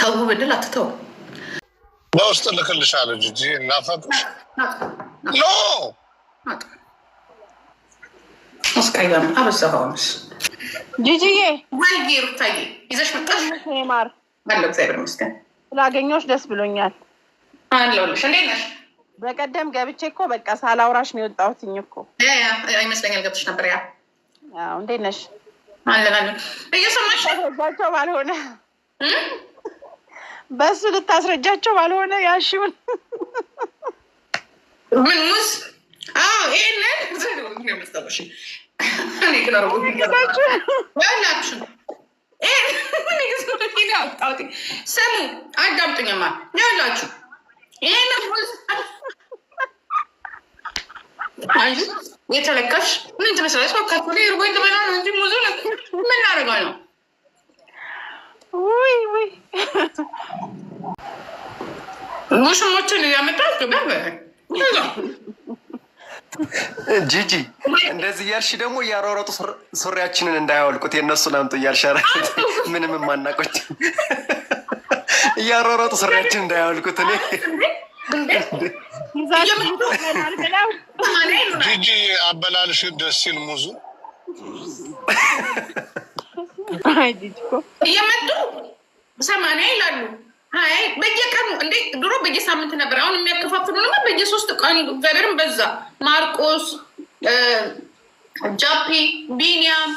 ተው ብንል አትተው። በውስጥ ልክልሻለሁ ጂጂ እናፈቅሽ ኖ አስቀያም አበዛኸውንስ ጂጂዬ ወልጌ ሩታዬ ይዘሽ መጣሽ። ማር አለው እግዚአብሔር ይመስገን ስላገኘሁሽ ደስ ብሎኛል። አለሁልሽ። እንዴት ነሽ? በቀደም ገብቼ እኮ በቃ ሳላውራሽ ነው የወጣሁትኝ እኮ ይመስለኛል። ገብተሽ ነበር ያ እንዴት ነሽ? አለን እየሰማሽ ባልሆነ በእሱ ልታስረጃቸው ባልሆነ ያሽውን ምን ሙስ ስሙ አዳምጡኝማ፣ ያላችሁ ይህን የተለካሽ ምን ትመስላለች? ካቶ ርቦኝ ትበላ ነው እንጂ ሙዙ ምን አደርጋለሁ ሙሽሞችን እያመጣት ጂጂ እንደዚህ እያልሽ ደግሞ እያሯሯጡ ሱሪያችንን እንዳያወልቁት የእነሱን ላምጡ እያልሽ ምንም የማናቆች እያሯሯጡ ሱሪያችንን እንዳያወልቁት እኔ ጂጂ አበላልሽ ደስ ሲል ሙዙ እየመጡ ሰማንያ ይላሉ። አይ በየቀኑ እንዴ ድሮ በየሳምንት ነበር። አሁን የሚያከፋፍሉ ነው በየሶስት ቀኑ እግዚአብሔርን በዛ ማርቆስ ጃፔ ቢኒያም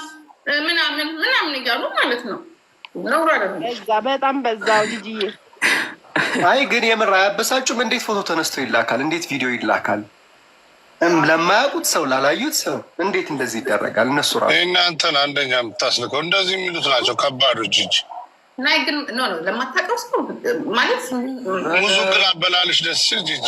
ምናምን ምናምን እያሉ ማለት ነው። ነውራ በጣም በዛ ልጅዬ። አይ ግን የምር አያበሳጩም? እንዴት ፎቶ ተነስቶ ይላካል? እንዴት ቪዲዮ ይላካል? ለማያውቁት ሰው ላላዩት ሰው እንዴት እንደዚህ ይደረጋል? እነሱ ራሱ እናንተን አንደኛ የምታስልከው እንደዚህ የሚሉት ናቸው ከባዶች እጅ ናይ ግን ለማታውቀው ሰው ማለት ብዙ ግን አበላልሽ ደስ ሲል ጅጅ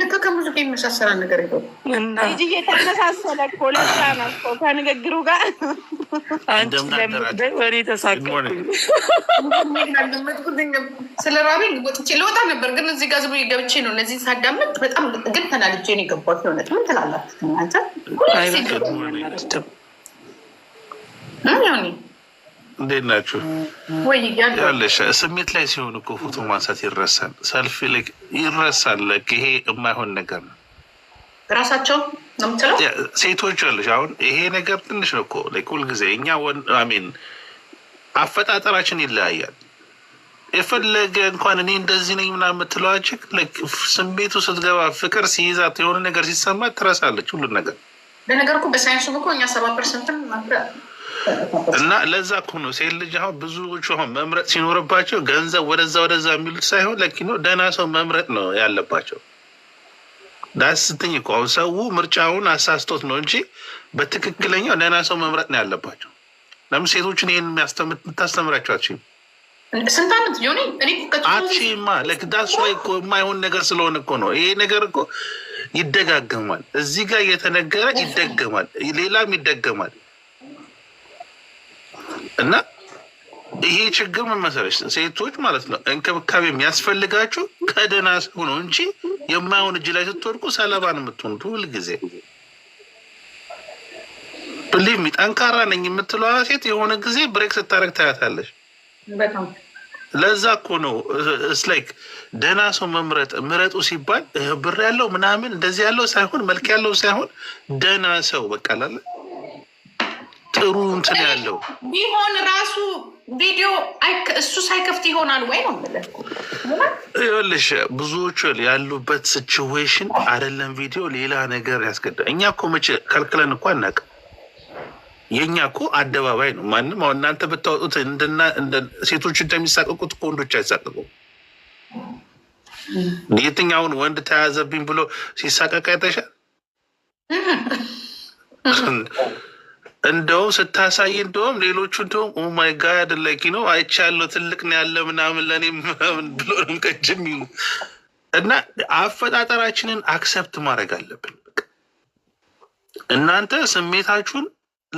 ልክ ከሙዚቃ የሚመሳሰል ነገር ይዘው የተመሳሰለ እየተመሳሰለ ኮለታ ከንግግሩ ጋር ወሬ ስለ ራቤ ወጥቼ ልወጣ ነበር፣ ግን እዚህ ጋር ዝም ገብቼ ነው እነዚህን ሳዳምጥ በጣም ግን ተናድጄ ነው የገባሁት። የሆነት ምን ትላላችሁ እናንተ? እንዴት ናችሁ? ያለሽ ስሜት ላይ ሲሆን እኮ ፎቶ ማንሳት ይረሳል። ሰልፊ ልክ ይረሳል። ልክ ይሄ የማይሆን ነገር ነው። ራሳቸው ነው ሴቶች አለሽ። አሁን ይሄ ነገር ትንሽ ነው እኮ ሁልጊዜ እኛ ሚን አፈጣጠራችን ይለያያል። የፈለገ እንኳን እኔ እንደዚህ ነኝ ምናምን የምትለዋችግ ስሜቱ ስትገባ ፍቅር ሲይዛት የሆነ ነገር ሲሰማ ትረሳለች ሁሉን ነገር። ለነገር በሳይንሱ እኮ እኛ ሰባ ፐርሰንትን እና ለዛ እኮ ነው ሴት ልጅ አሁን ብዙዎቹ አሁን መምረጥ ሲኖርባቸው ገንዘብ ወደዛ ወደዛ የሚሉት ሳይሆን ለኪ ነው ደህና ሰው መምረጥ ነው ያለባቸው። ዳስትኝ እኮ አሁን ሰው ምርጫውን አሳስቶት ነው እንጂ በትክክለኛው ደህና ሰው መምረጥ ነው ያለባቸው። ለምን ሴቶችን ይህን የምታስተምራቸው አችም ስንት ለክዳሱ ሆ አትችይማ። ወይ እኮ የማይሆን ነገር ስለሆነ እኮ ነው ይሄ ነገር እኮ ይደጋገማል። እዚህ ጋር እየተነገረ ይደገማል፣ ሌላም ይደገማል። እና ይሄ ችግር ምን መሰለሽ፣ ሴቶች ማለት ነው እንክብካቤ የሚያስፈልጋችሁ ከደህና ሆኖ እንጂ የማይሆን እጅ ላይ ስትወድቁ ሰለባ ነው የምትሆኑት ሁልጊዜ። ብሌ ጠንካራ ነኝ የምትለዋ ሴት የሆነ ጊዜ ብሬክ ስታደርግ ታያታለች። ለዛ እኮ ነው ላይክ ደህና ሰው መምረጥ ምረጡ ሲባል ብር ያለው ምናምን እንደዚህ ያለው ሳይሆን መልክ ያለው ሳይሆን ደህና ሰው በቃ ላለ ጥሩ እንትን ያለው ቢሆን ራሱ ቪዲዮ እሱ ሳይከፍት ይሆናል ወይ ነው የምልህ። ይኸውልሽ ብዙዎቹ ያሉበት ሲችዌሽን አይደለም ቪዲዮ ሌላ ነገር ያስገዳል። እኛ እኮ መቼ ከልክለን እኮ አናውቅም። የእኛ እኮ አደባባይ ነው። ማንም አሁን እናንተ ብታወጡት ሴቶች እንደሚሳቀቁት እኮ ወንዶች አይሳቀቁም። የትኛውን ወንድ ተያዘብኝ ብሎ ሲሳቀቅ አይተሻል? እንደውም ስታሳይ እንደውም ሌሎቹ እንደውም ኦማይ ጋድ ላይክ ነው አይቻለሁ ትልቅ ነው ያለ ምናምን ለእኔ ምናምን ብሎ ቀጅ የሚሉ እና አፈጣጠራችንን አክሰፕት ማድረግ አለብን። እናንተ ስሜታችሁን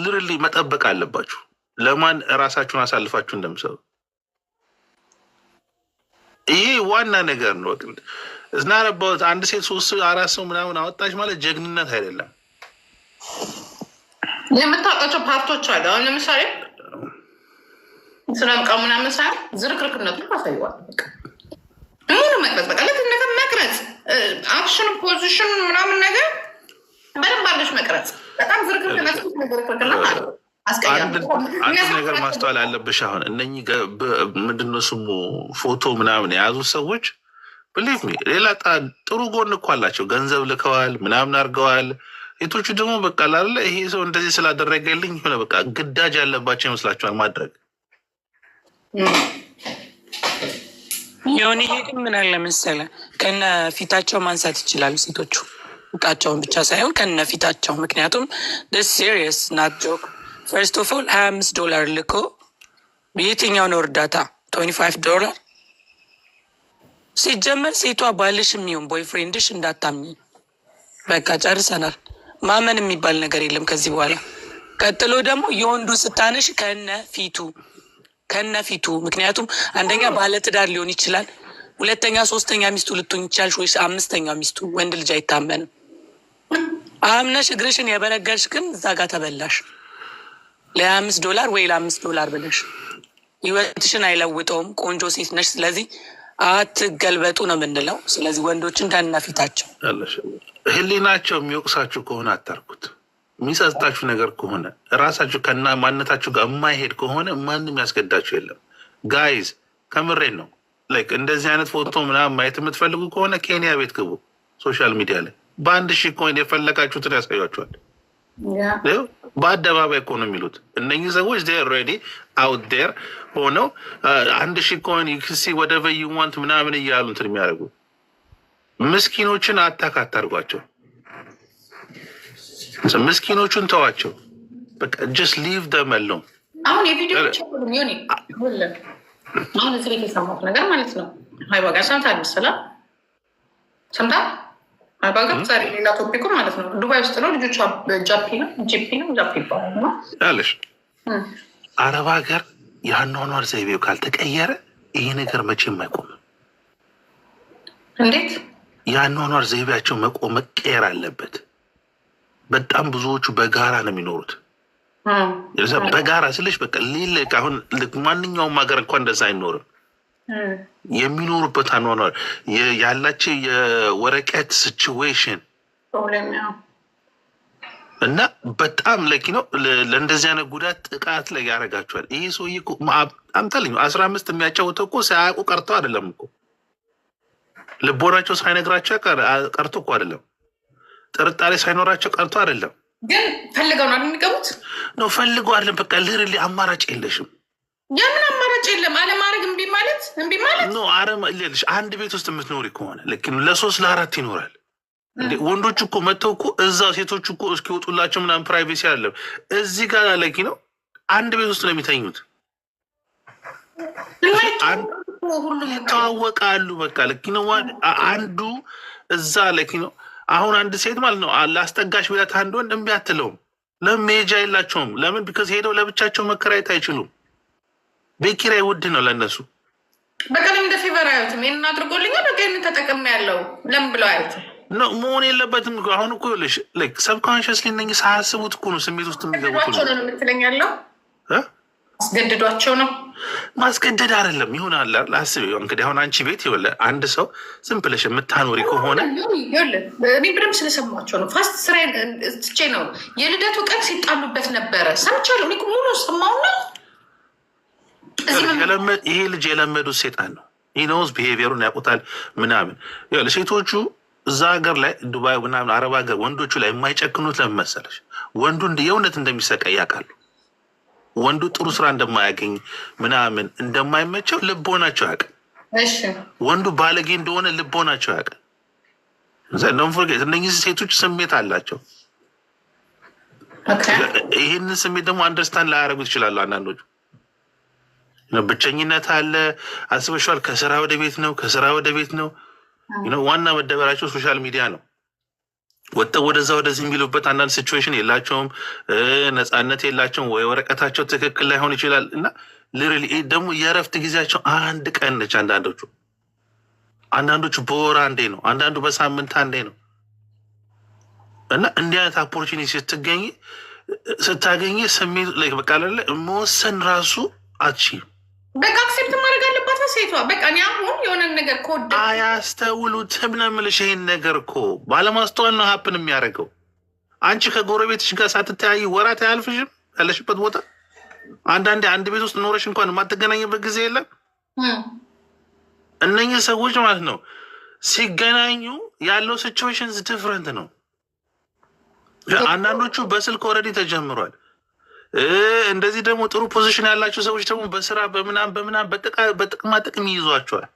ልርል መጠበቅ አለባችሁ። ለማን እራሳችሁን አሳልፋችሁ እንደምሰሩ ይሄ ዋና ነገር ነው። እና አንድ ሴት ሶስት አራት ሰው ምናምን አወጣች ማለት ጀግንነት አይደለም። የምታውቃቸው ፓርቶች አለ። አሁን ለምሳሌ ስለ ዕቃ ምናምን ሳይሆን ዝርክርክነቱን ታሳየዋል። ሙሉ መቅረጽ በቃ ልክ እንደገና መቅረጽ አክሽን፣ ፖዚሽን ምናምን ነገር በደንብ አለች መቅረጽ። በጣም ዝርክርክነትዝርክርክና ማለት አንድ ነገር ማስተዋል አለብሽ። አሁን እነኚህ ምንድን ስሙ ፎቶ ምናምን የያዙ ሰዎች ብሊቭ ሚ ሌላ ጥሩ ጎን እኮ አላቸው። ገንዘብ ልከዋል፣ ምናምን አድርገዋል ሴቶቹ ደግሞ በቃ ላለ ይሄ ሰው እንደዚህ ስላደረገልኝ ሆነ በቃ ግዳጅ ያለባቸው ይመስላችኋል ማድረግ። የሆነ ይሄ ግን ምን አለ መሰለህ ከነ ፊታቸው ማንሳት ይችላሉ ሴቶቹ እቃቸውን ብቻ ሳይሆን ከነ ፊታቸው። ምክንያቱም ሲሪየስ ናት ጆክ። ፈርስት ኦፍ ኦል ሀያ አምስት ዶላር ልኮ የትኛው ነው እርዳታ? ትዌንቲ ፋይቭ ዶላር ሲጀመር ሴቷ ባልሽ የሚሆን ቦይፍሬንድሽ እንዳታምኝ። በቃ ጨርሰናል። ማመን የሚባል ነገር የለም ከዚህ በኋላ። ቀጥሎ ደግሞ የወንዱ ስታነሽ ከነ ፊቱ ከነ ፊቱ። ምክንያቱም አንደኛ ባለትዳር ሊሆን ይችላል፣ ሁለተኛ ሶስተኛ ሚስቱ ልትሆን ይችላል፣ ወይ አምስተኛው ሚስቱ። ወንድ ልጅ አይታመንም። አምነሽ እግርሽን የበረገሽ ግን እዛ ጋር ተበላሽ። ለአምስት ዶላር ወይ ለአምስት ዶላር ብለሽ ህይወትሽን አይለውጠውም። ቆንጆ ሴት ነሽ። ስለዚህ አትገልበጡ ነው የምንለው። ስለዚህ ወንዶችን ከነፊታቸው ህሊናቸው የሚወቅሳችሁ ከሆነ አታርጉት። የሚጸጥታችሁ ነገር ከሆነ ራሳችሁ ከና ማንነታችሁ ጋር የማይሄድ ከሆነ ማንም ያስገዳችሁ የለም። ጋይዝ ከምሬን ነው። ላይክ እንደዚህ አይነት ፎቶ ምናምን ማየት የምትፈልጉ ከሆነ ኬንያ ቤት ግቡ። ሶሻል ሚዲያ ላይ በአንድ ሺ ኮይን የፈለጋችሁትን ያሳያችኋል። በአደባባይ እኮ ነው የሚሉት እነኚህ ሰዎች ኦልሬዲ አውት ዴር ሆነው አንድ ሺ ኮይን ክሲ ወደ በይ ዋንት ምናምን እያሉ እንትን የሚያደርጉ ምስኪኖችን አታካት አታርጓቸው። ምስኪኖቹን ተዋቸው። ጀስት ሊቭ ደመል ነው አሁን የቪዲዮ አሁን እዚህ ቤት የሰማሁት ነገር ማለት ነው። ሰምታ ሰምታ ዛሬ ሌላ ቶፒኩ ማለት ነው። ዱባይ ውስጥ ነው ጃፒ ነው ጂፒ ነው ጃፒ ይባላል። አረብ ሀገር የአኗኗር ዘይቤው ካልተቀየረ ይሄ ነገር መቼም አይቆምም። እንዴት የአኗኗር ዘይቤያቸው መቆ መቀየር አለበት። በጣም ብዙዎቹ በጋራ ነው የሚኖሩት። በጋራ ስልሽ በቃ ሌለ አሁን ማንኛውም ሀገር እንኳ እንደዛ አይኖርም። የሚኖሩበት አኗኗር ያላቸው የወረቀት ሲችዌሽን እና በጣም ለኪ ነው ለእንደዚህ አይነት ጉዳት ጥቃት ላይ ያደርጋቸዋል። ይህ ሰውዬ አምጣልኝ አስራ አምስት የሚያጫወተው እኮ ሳያውቁ ቀርተው አይደለም እኮ ልቦናቸው ሳይነግራቸው ቀርቶ እኮ አይደለም። ጥርጣሬ ሳይኖራቸው ቀርቶ አይደለም። ግን ፈልገው ነው የሚገቡት ነው ፈልገው አይደለም። በቃ ልርል አማራጭ የለሽም። የምን አማራጭ የለም? አለማድረግ እምቢ ማለት እምቢ ማለት ነው። አረም ሌልሽ አንድ ቤት ውስጥ የምትኖሪ ከሆነ ልክ ለሶስት ለአራት ይኖራል። ወንዶች እኮ መጥተው እኮ እዛ ሴቶች እኮ እስኪወጡላቸው ምናምን ፕራይቬሲ አለም እዚህ ጋር ለኪ ነው አንድ ቤት ውስጥ ነው የሚተኙት ሁሉም ይተዋወቃሉ። በቃ ልክ ነው። አንዱ እዛ ልክ ነው። አሁን አንድ ሴት ማለት ነው ለአስጠጋሽ ቢላት አንድ ወንድ እምቢ አትለውም። ለምን መሄጃ የላቸውም። ለምን ቢከስ ሄደው ለብቻቸው መከራየት አይችሉም። ቤት ኪራይ ውድ ነው ለእነሱ። በቀለም እንደ ፌቨር አያዩትም። ይህን አድርጎልኛ በ ይህን ተጠቅም ያለው ለምን ብለው አያዩትም። መሆን የለበትም። አሁን እኮ ይኸውልሽ ሰብኮንሽስ ሊነኝ ሳያስቡት እኮ ነው ስሜት ውስጥ የሚገቡት ነው የምትለኛለው አስገድዷቸው ነው። ማስገደድ አይደለም። ይሁን አስብ እንግዲህ አሁን አንቺ ቤት ይወለ አንድ ሰው ዝም ብለሽ የምታኖሪ ከሆነ እኔ ብድም ስለሰማቸው ነው። ፋስት ስራ ስቼ ነው የልደቱ ቀን ሲጣሉበት ነበረ ሰምቻለሁ። እኔ ሙሉ ሰማውና ይሄ ልጅ የለመዱት ሴጣን ነው። ይነውስ ብሄቪየሩን ያውቁታል ምናምን ሴቶቹ እዛ ሀገር ላይ ዱባይ ምናምን አረብ ሀገር ወንዶቹ ላይ የማይጨክኑት ለምን መሰለሽ? ወንዱ የእውነት እንደሚሰቃይ ያውቃሉ። ወንዱ ጥሩ ስራ እንደማያገኝ ምናምን እንደማይመቸው ልቦናቸው ያውቃል። ወንዱ ባለጌ እንደሆነ ልቦናቸው ያውቃል። እነዚህ ሴቶች ስሜት አላቸው። ይህንን ስሜት ደግሞ አንደርስታንድ ላያደርጉት ይችላሉ። አንዳንዶቹ ብቸኝነት አለ አስበሸዋል። ከስራ ወደ ቤት ነው፣ ከስራ ወደ ቤት ነው። ዋና መደበራቸው ሶሻል ሚዲያ ነው። ወጥተው ወደዛ ወደዚህ የሚሉበት አንዳንድ ሲቹዌሽን የላቸውም፣ ነፃነት የላቸውም። ወይ ወረቀታቸው ትክክል ላይሆን ይችላል እና ልርል ደግሞ የእረፍት ጊዜያቸው አንድ ቀን ነች። አንዳንዶቹ አንዳንዶቹ በወር አንዴ ነው፣ አንዳንዱ በሳምንት አንዴ ነው እና እንዲህ አይነት አፖርቹኒቲ ስትገኝ ስታገኝ ስሜቱ በቃ መወሰን ራሱ አትችልም በቃ አክሴፕት ሴቷ በቃ እኔ አሁን የሆነን ነገር ከወደ አያስተውሉትም ነው የምልሽ። ይሄን ነገር እኮ ባለማስተዋል ነው ሀፕን የሚያደርገው። አንቺ ከጎረቤትሽ ጋር ሳትተያይ ወራት አያልፍሽም ያለሽበት ቦታ። አንዳንዴ አንድ ቤት ውስጥ ኖረሽ እንኳን የማትገናኝበት ጊዜ የለም። እነኚህ ሰዎች ማለት ነው ሲገናኙ ያለው ሲቹዌሽን ዲፍረንት ነው። አንዳንዶቹ በስልክ ኦልሬዲ ተጀምሯል። እንደዚህ ደግሞ ጥሩ ፖዚሽን ያላቸው ሰዎች ደግሞ በስራ በምናም በምናም በጥቅማ ጥቅም ይይዟቸዋል።